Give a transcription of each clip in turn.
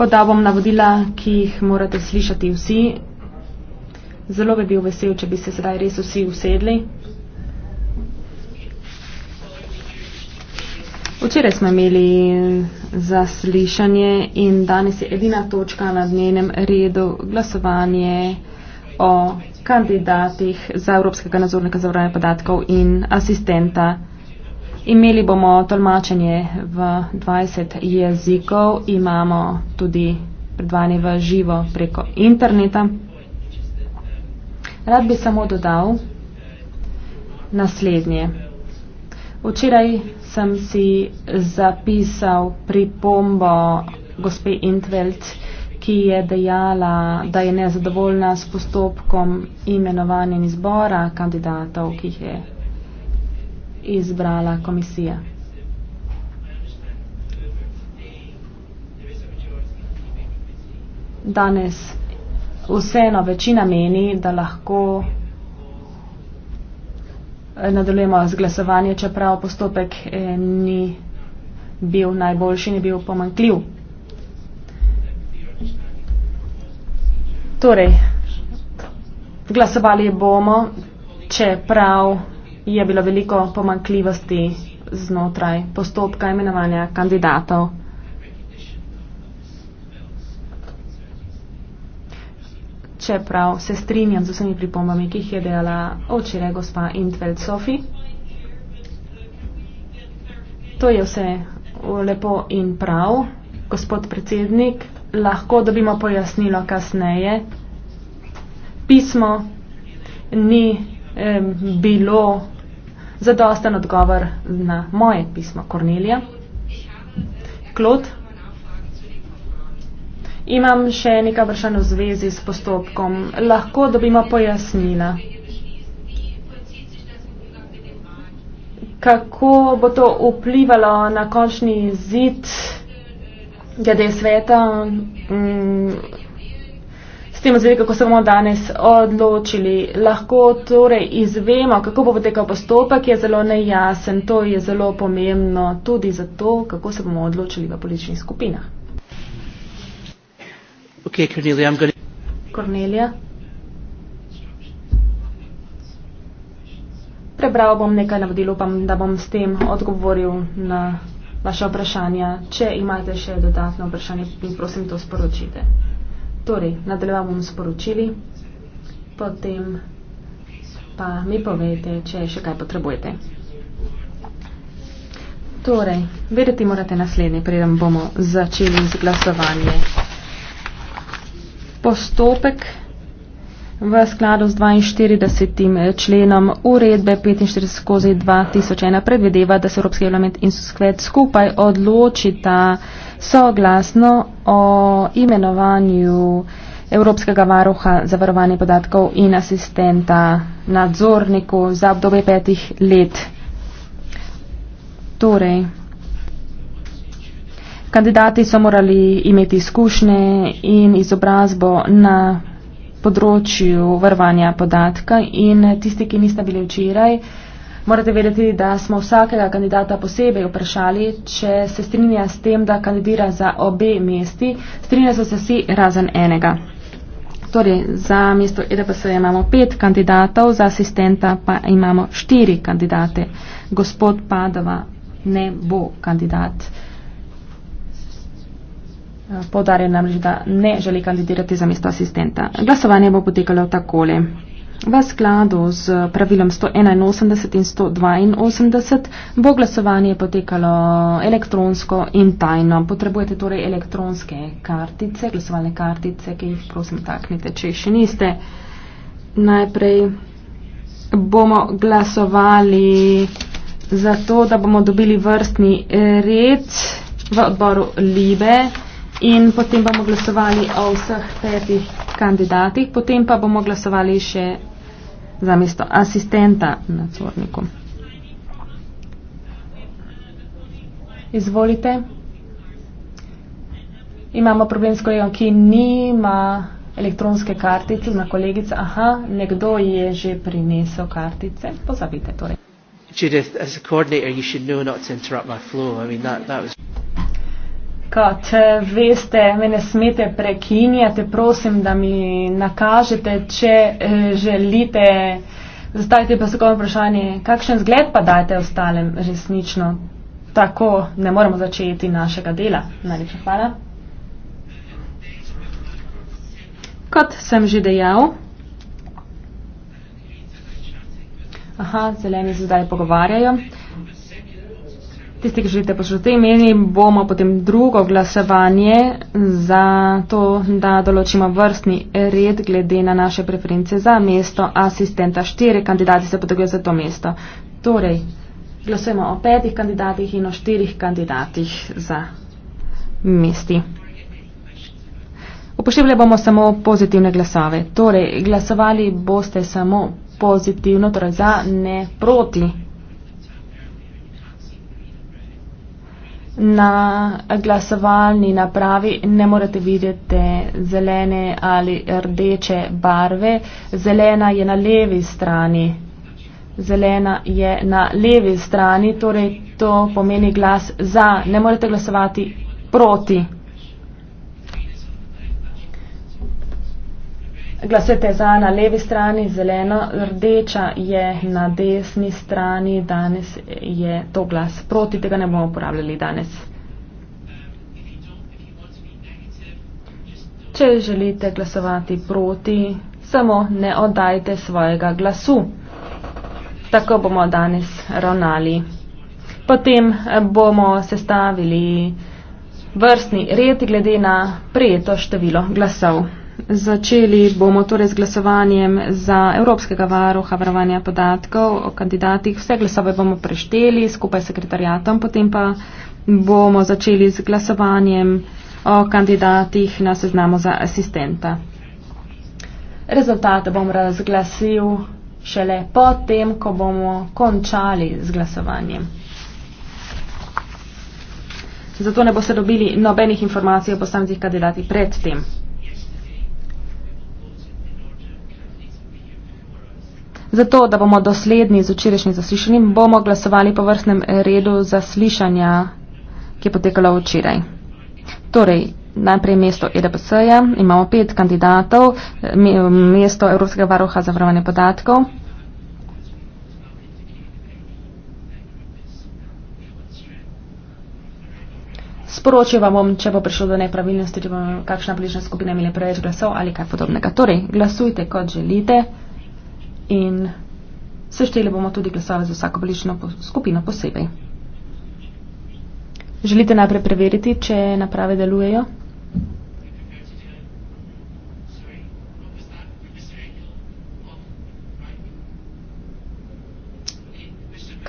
Podal bom navodila, ki jih morate slišati vsi. Zelo bi bil vesel, če bi se sedaj res vsi usedli. Včeraj smo imeli zaslišanje in danes je edina točka na dnevnem redu glasovanje o kandidatih za Evropskega nadzornega zavarovanja podatkov in asistenta. Imeli bomo tolmačenje v 20 jezikov, imamo tudi predvanje v živo preko interneta. Rad bi samo dodal naslednje. Včeraj sem si zapisal pripombo gospe Intveld, ki je dejala, da je nezadovoljna s postopkom imenovanja izbora kandidatov, ki jih je izbrala komisija. Danes vseeno večina meni, da lahko eh, nadaljujemo z glasovanje, čeprav postopek eh, ni bil najboljši, ni bil pomankljiv. Torej, glasovali bomo, čeprav je bilo veliko pomankljivosti znotraj postopka imenovanja kandidatov. Čeprav se strinjam z vsemi pripombami, ki jih je dejala očire gospa Intveld Sofi. To je vse lepo in prav, gospod predsednik. Lahko dobimo pojasnilo kasneje. Pismo ni eh, bilo zadosten odgovor na moje pismo Kornelija. Klot. Imam še nekaj vprašanj v zvezi s postopkom. Lahko dobimo pojasnila. Kako bo to vplivalo na končni zid glede sveta? Mm, s tem zvedi, kako se bomo danes odločili. Lahko torej izvemo, kako bo potekal postopek, je zelo nejasen. To je zelo pomembno tudi za to, kako se bomo odločili v političnih skupinah. Okay, Cornelia, Cornelia. Prebral bom nekaj navodil, upam, da bom s tem odgovoril na vaše vprašanja. Če imate še dodatno vprašanje, prosim to sporočite. Torej, nadaljeva bom sporočili, potem pa mi povejte, če še kaj potrebujete. Torej, vedeti morate naslednje, preden bomo začeli z glasovanje. Postopek v skladu z 42. Eh, členom uredbe 45 skozi 2001 predvideva, da se Evropski element in skvet skupaj odločita soglasno o imenovanju Evropskega varuha za varovanje podatkov in asistenta nadzorniku za obdobje petih let. Torej, kandidati so morali imeti izkušnje in izobrazbo na področju varovanja podatka in tisti, ki niste bili včeraj, morate vedeti, da smo vsakega kandidata posebej vprašali, če se strinja s tem, da kandidira za obe mesti. Strinja so se vsi razen enega. Torej, za mesto EDPS imamo pet kandidatov, za asistenta pa imamo štiri kandidate. Gospod Padova ne bo kandidat. Uh, Podarja namreč, da ne želi kandidirati za mesto asistenta. Glasovanje bo potekalo takole. V skladu z pravilom 181 in 182 bo glasovanje potekalo elektronsko in tajno. Potrebujete torej elektronske kartice, glasovalne kartice, ki jih prosim taknite, če še niste. Najprej bomo glasovali za to, da bomo dobili vrstni red v odboru Libe in potem bomo glasovali o vseh petih kandidatih, potem pa bomo glasovali še za mesto asistenta nadzorniku. Izvolite. Imamo problem s kolegom, ki nima elektronske kartice na kolegica. Aha, nekdo je že prinesel kartice. Pozabite torej. Judith, as a coordinator, you should know not to interrupt my flow. I mean, that, that was kot eh, veste, me ne smete prekinjati, prosim, da mi nakažete, če eh, želite. Zastavite pa se kot vprašanje, kakšen zgled pa dajte ostalem resnično. Tako ne moremo začeti našega dela. Najlepša hvala. Kot sem že dejal. Aha, zeleni se zdaj pogovarjajo. Tisti, ki želite poslušati meni, bomo potem drugo glasovanje za to, da določimo vrstni red glede na naše preference za mesto asistenta. Štiri kandidati se potegujo za to mesto. Torej, glasujemo o petih kandidatih in o štirih kandidatih za mesti. Upoštevali bomo samo pozitivne glasove. Torej, glasovali boste samo pozitivno, torej za, ne proti. na glasovalni napravi ne morete videti zelene ali rdeče barve. Zelena je na levi strani. Zelena je na levi strani, torej to pomeni glas za. Ne morete glasovati proti. glasujete za na levi strani, zeleno, rdeča je na desni strani, danes je to glas proti, tega ne bomo uporabljali danes. Če želite glasovati proti, samo ne oddajte svojega glasu. Tako bomo danes ravnali. Potem bomo sestavili vrstni red glede na prijeto število glasov. Začeli bomo torej z glasovanjem za Evropskega varuha varovanja podatkov o kandidatih. Vse glasove bomo prešteli skupaj s sekretarjatom, potem pa bomo začeli z glasovanjem o kandidatih na seznamu za asistenta. Rezultate bom razglasil šele potem, ko bomo končali z glasovanjem. Zato ne boste dobili nobenih informacij o posameznih kandidatih predtem. Zato, da bomo dosledni z včerajšnjim zaslišanjem, bomo glasovali po vrstnem redu zaslišanja, ki je potekalo včeraj. Torej, najprej mesto EDPS-ja, imamo pet kandidatov, mesto Evropskega varuha za vrvanje podatkov. Sporočil vam bom, če bo prišlo do nepravilnosti, če bo kakšna bližna skupina imela preveč glasov ali kaj podobnega. Torej, glasujte, kot želite in sešteli bomo tudi glasove za vsako bolično skupino posebej. Želite najprej preveriti, če naprave delujejo?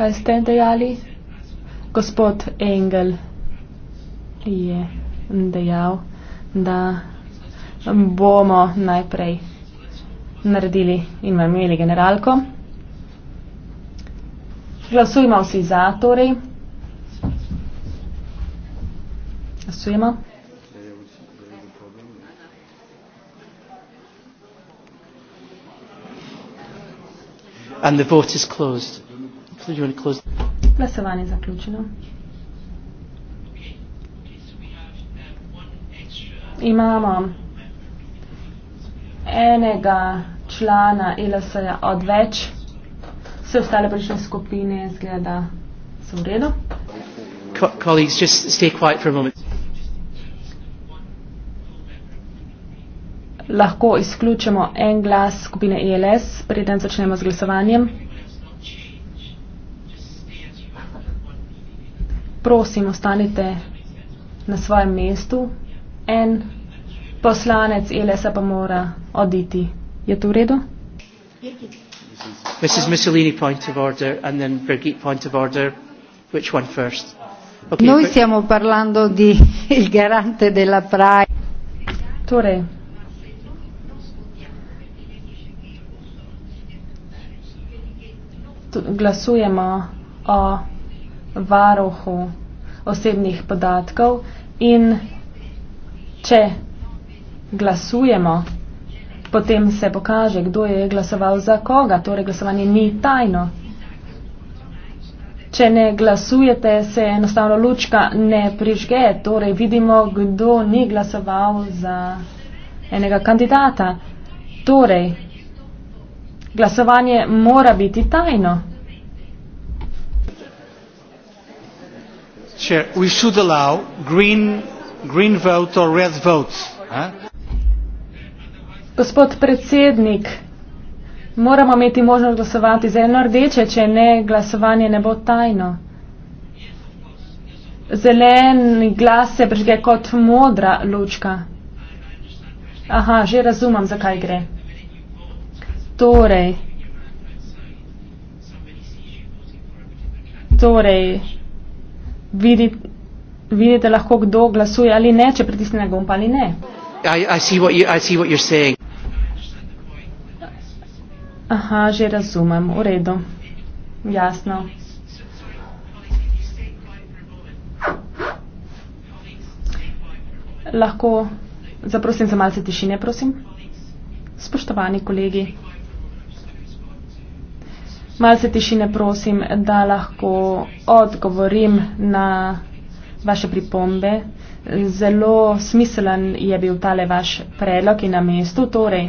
Kaj ste dejali? Gospod Engel je dejal, da bomo najprej naredili in vam imeli generalko. Glasujmo vsi za, torej. Glasujmo. And the vote is closed. Please, you close. Glasovanje je zaključeno. Imamo enega člana ELS-ja odveč, vse ostale prične skupine izgleda so v redu. Colleagues, just stay quiet for a moment. Lahko izključimo en glas skupine ELS, preden začnemo z glasovanjem. Prosim, ostanite na svojem mestu. En poslanec Elesa pa mora oditi. Je to v redu? Mrs. Mussolini, point of order, and then Brigitte, point of order. Which one first? Okay, Noi stiamo parlando di il garante della pri. Torre. Glasujemo o varohu osebnih podatkov in če glasujemo, potem se pokaže, kdo je glasoval za koga. Torej, glasovanje ni tajno. Če ne glasujete, se enostavno lučka ne prižge. Torej, vidimo, kdo ni glasoval za enega kandidata. Torej, glasovanje mora biti tajno. Če bi lahko dali green, green vote ali red vote. Eh? Gospod predsednik, moramo imeti možnost glasovati zeleno rdeče, če ne glasovanje ne bo tajno. Zeleni glas se brže kot modra lučka. Aha, že razumem, zakaj gre. Torej, torej vidi, vidite lahko, kdo glasuje ali ne, če pritisne na gumb ali ne. I, I see what you, I see what you're saying. Aha, že razumem, v redu. Jasno. Lahko zaprosim za malce tišine, prosim. Spoštovani kolegi, malce tišine, prosim, da lahko odgovorim na vaše pripombe. Zelo smiselen je bil tale vaš predlog in na mestu. Torej,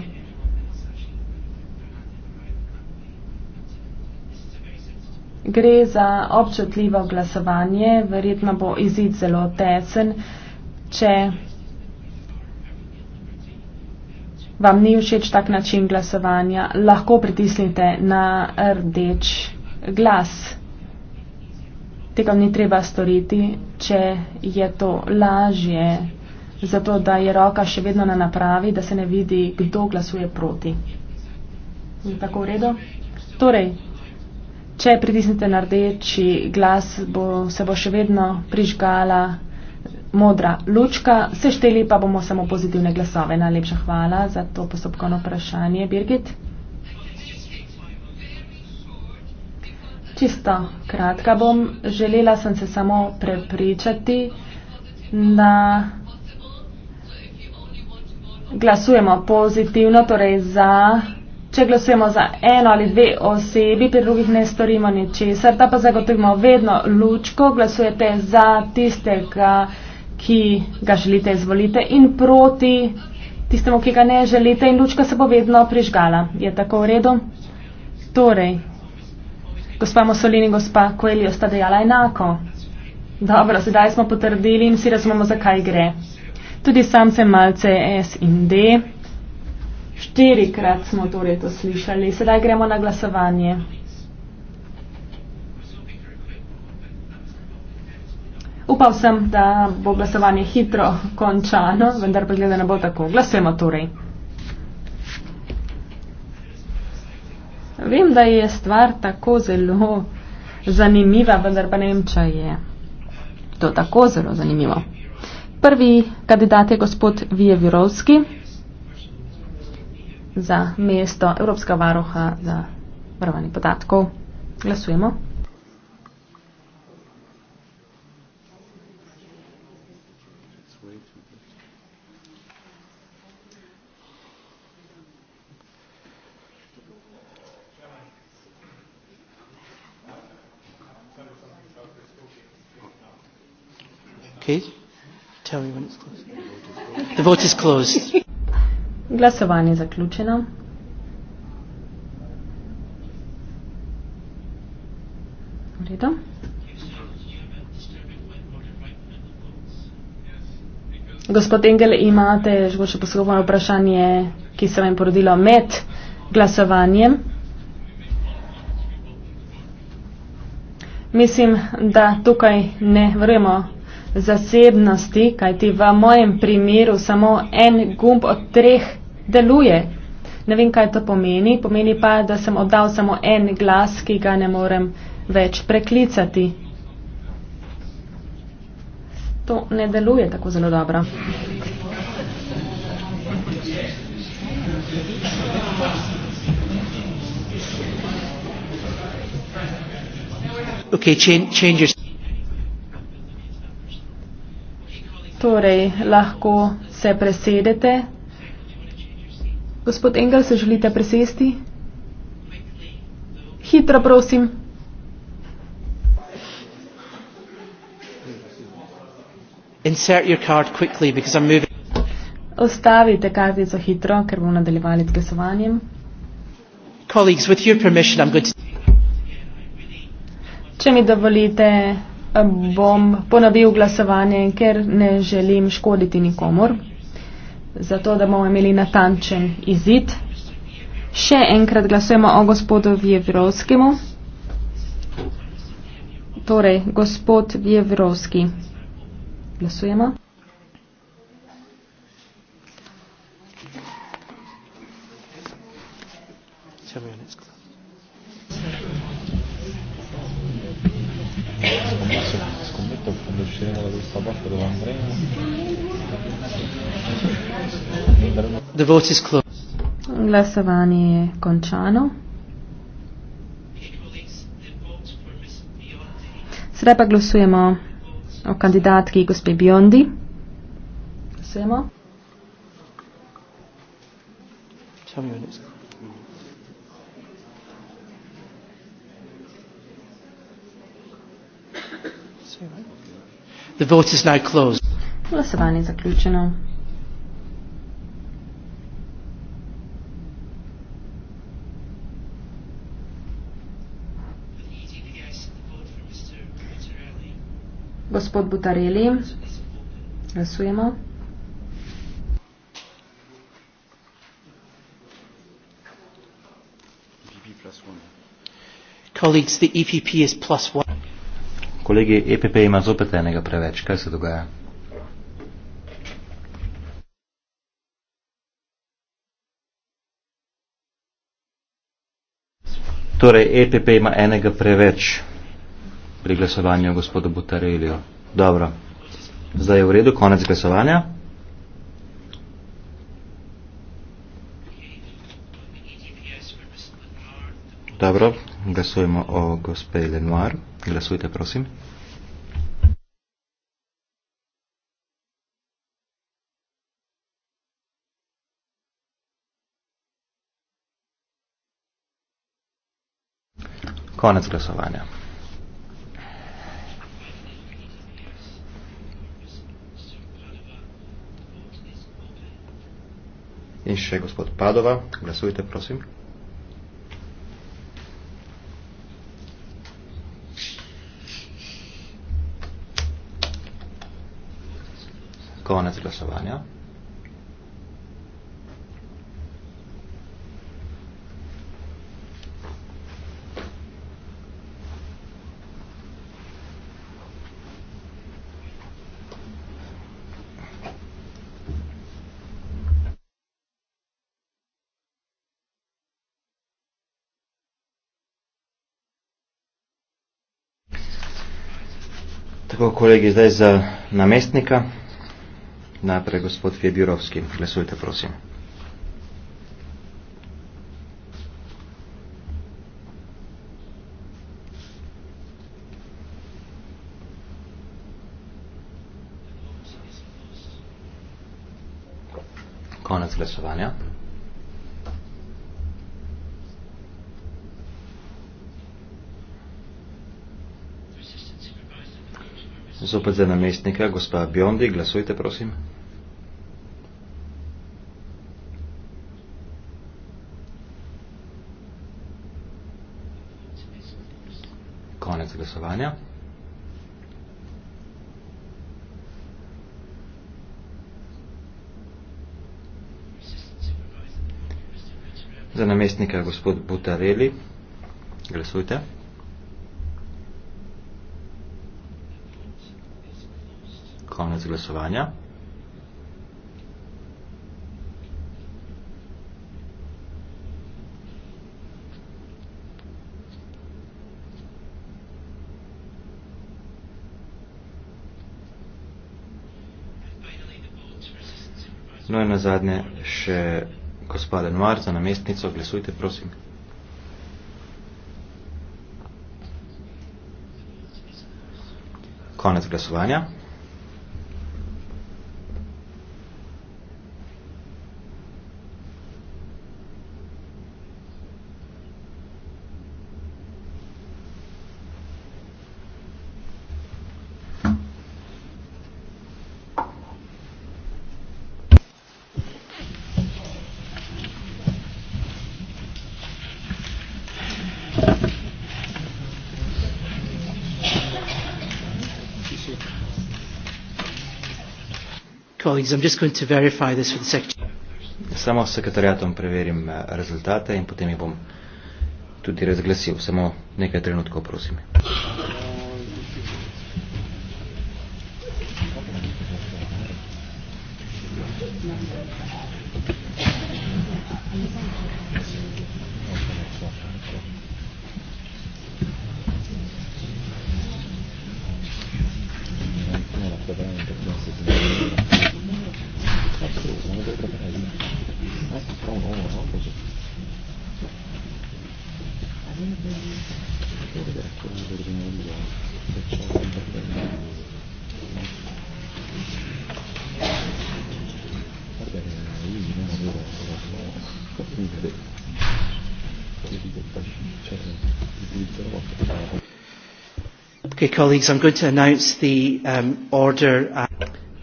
Gre za občutljivo glasovanje, verjetno bo izid zelo tesen, če vam ni všeč tak način glasovanja, lahko pritisnite na rdeč glas. Tega ni treba storiti, če je to lažje, zato da je roka še vedno na napravi, da se ne vidi, kdo glasuje proti. Je tako v redu? Torej, Če pritisnete na rdeči glas, bo, se bo še vedno prižgala modra lučka, sešteli pa bomo samo pozitivne glasove. Najlepša hvala za to postopkovno vprašanje, Birgit. Čisto kratka bom. Želela sem se samo prepričati, da glasujemo pozitivno, torej za če glasujemo za eno ali dve osebi, pri drugih ne storimo ničesar, ta pa zagotovimo vedno lučko, glasujete za tistega, ki ga želite izvolite in proti tistemu, ki ga ne želite in lučka se bo vedno prižgala. Je tako v redu? Torej, gospa Mosolini, gospa Koelijo sta dejala enako. Dobro, sedaj smo potrdili in vsi razumemo, zakaj gre. Tudi sam sem malce S in D. Štirikrat smo torej to slišali. Sedaj gremo na glasovanje. Upal sem, da bo glasovanje hitro končano, vendar pa gleda ne bo tako. Glasujemo torej. Vem, da je stvar tako zelo zanimiva, vendar pa ne vem, če je to tako zelo zanimivo. Prvi kandidat je gospod Vijevirovski za mesto Evropska varoha za varovanje podatkov. Glasujemo. Okay. Tell me when it's closed. The vote is closed. Glasovanje zaključeno. V redu. Gospod Engel, imate še poslovno vprašanje, ki se vam porodilo med glasovanjem. Mislim, da tukaj ne vrjemo zasebnosti, kajti v mojem primeru samo en gumb od treh deluje. Ne vem, kaj to pomeni. Pomeni pa, da sem oddal samo en glas, ki ga ne morem več preklicati. To ne deluje tako zelo dobro. Okay, change, torej, lahko se presedete. Gospod Engel, se želite presesti? Hitro, prosim. Ostavite kartico hitro, ker bom nadaljevali z glasovanjem. Če mi dovolite, eh, bom ponovil glasovanje, ker ne želim škoditi nikomor zato da bomo imeli natančen izid. Še enkrat glasujemo o gospodu Vjevrovskemu. Torej, gospod Vjevrovski. Glasujemo. Thank you da bi še rekel, da je sabah, da vam gre. Devoci sklop. Glasovanje je končano. Sedaj pa glasujemo o kandidatki gospe Biondi. Glasujemo. The vote is now closed. Glasovanje je zaključeno. Gospod Butareli, glasujemo. Colleagues, the EPP is plus one. Kolegi, EPP ima zopet enega preveč. Kaj se dogaja? Torej, EPP ima enega preveč pri glasovanju gospodu Butarelijo. Dobro. Zdaj je v redu, konec glasovanja. Dobro, glasujemo o gospe Lenoir. Glasujte, prosim. Konec glasovanja. In še gospod Padova, glasujte, prosim. konec glasovanja. Tako, kolegi, zdaj za namestnika. Najprej gospod Fjedirovski. Glesujte, prosim. Konec glasovanja. Zopet za namestnika, gospa Biondi, glasujte prosim. Konec glasovanja. Za namestnika gospod Butareli, glasujte. konec glasovanja. No in na zadnje še gospode Noir za namestnico. Glesujte, prosim. Konec glasovanja. Samo sekretariatom preverim eh, rezultate in potem jih bom tudi razglasil. Samo nekaj trenutkov, prosim. Okay, colleagues, I'm going to announce the um, order. Uh,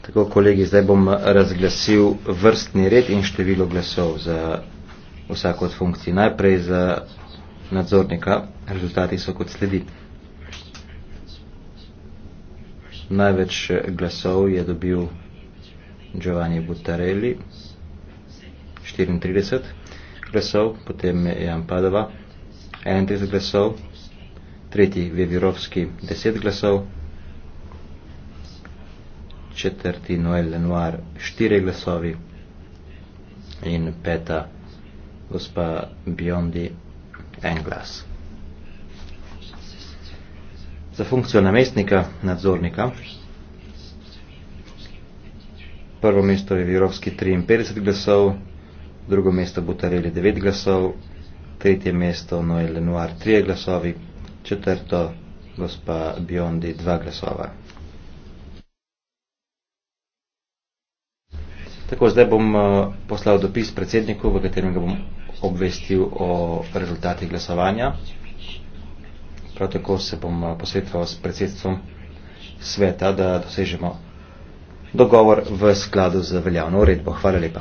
Tako, kolegi, zdaj bom razglasil vrstni red in število glasov za vsako od funkcij. Najprej za nadzornika. Rezultati so kot sledi. Največ glasov je dobil Giovanni Buttarelli, 34 glasov, potem Jan Padova, 31 glasov, tretji Vivirovski 10 glasov, četrti Noel Lenoir 4 glasovi in peta gospa Biondi en glas. Za funkcijo namestnika, nadzornika, prvo mesto je Virovski 53 glasov, drugo mesto Butareli 9 glasov, tretje mesto Noel Lenoir 3 glasovi, četrto gospa Biondi dva glasova. Tako, zdaj bom eh, poslal dopis predsedniku, v katerem ga bom obvestil o rezultatih glasovanja. Prav tako se bom eh, posvetoval s predsedstvom sveta, da dosežemo dogovor v skladu z veljavno uredbo. Hvala lepa.